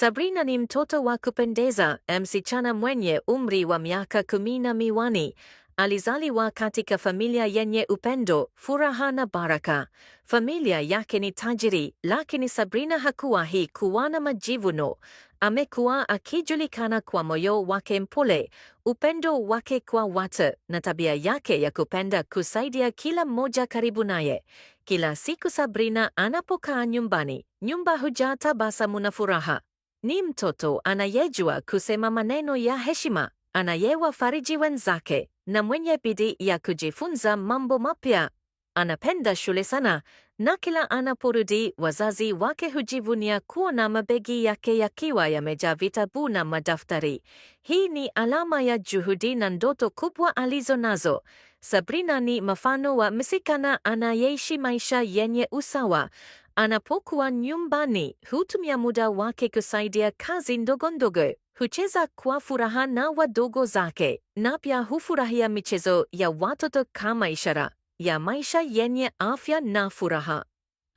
Sabrina ni mtoto wa kupendeza, msichana mwenye umri wa miaka kumi na miwani. Alizaliwa katika familia yenye upendo, furaha na baraka. Familia yake ni tajiri, lakini Sabrina hakuwahi kuwa na majivuno. Amekuwa akijulikana kwa moyo wake mpole, upendo wake kwa watu na tabia yake ya kupenda kusaidia kila mmoja karibu naye. Kila siku Sabrina anapokaa nyumbani, nyumba hujaa tabasamu na furaha. Ni mtoto anayejua kusema maneno ya heshima, anayewafariji wenzake na mwenye bidii ya kujifunza mambo mapya. Anapenda shule sana na kila anaporudi wazazi wake hujivunia kuona mabegi yake yakiwa yamejaa vitabu na madaftari. Hii ni alama ya juhudi na ndoto kubwa alizo nazo. Sabrina ni mfano wa msichana anayeishi maisha yenye usawa, Anapokuwa nyumbani hutumia muda wake kusaidia kazi ndogo ndogo, hucheza kwa furaha na wadogo zake, na pia hufurahia michezo ya watoto kama ishara ya maisha yenye afya na furaha.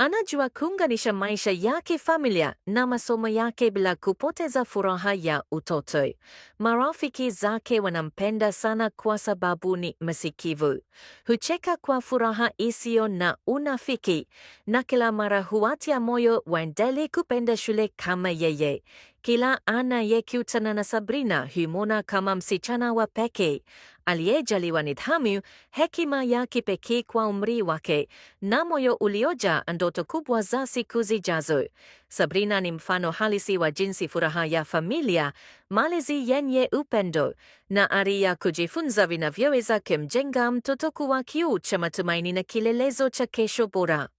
Anajua kuunganisha maisha yake, familia na masomo yake bila kupoteza furaha ya utoto. Marafiki zake wanampenda sana kwa sababu ni msikivu, hucheka kwa furaha isiyo na unafiki, na kila mara huwatia moyo waendelee kupenda shule kama yeye. Kila anayekutana na Sabrina humona kama msichana wa pekee aliyejaliwa nidhamu, hekima ya kipekee kwa umri wake na moyo uliojaa ndoto kubwa za siku zijazo. Sabrina ni mfano halisi wa jinsi furaha ya familia, malezi yenye upendo na ari ya kujifunza vinavyoweza kumjenga mtoto kuwa kiu cha matumaini na kilelezo cha kesho bora.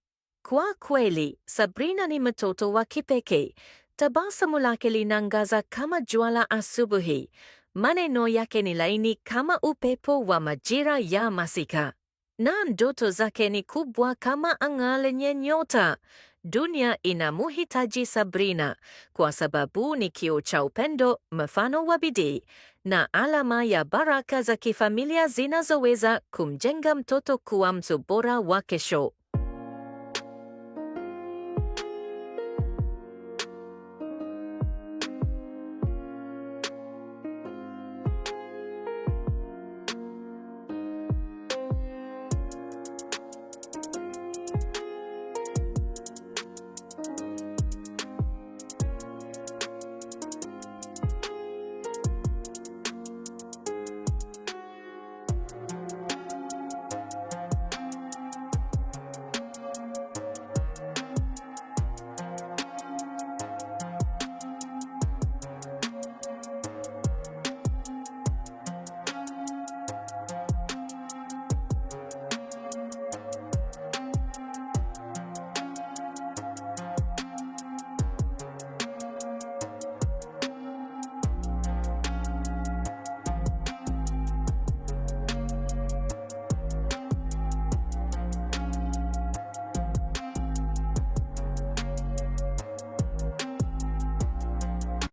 Kwa kweli, Sabrina ni mtoto wa kipekee, Tabasamu lake linangaza kama jua la asubuhi, maneno yake ni laini kama upepo wa majira ya masika, na ndoto zake ni kubwa kama anga lenye nyota. Dunia inamuhitaji Sabrina kwa sababu ni kioo cha upendo, mfano wa bidii na alama ya baraka za kifamilia zinazoweza kumjenga mtoto kuwa mtu bora wa kesho.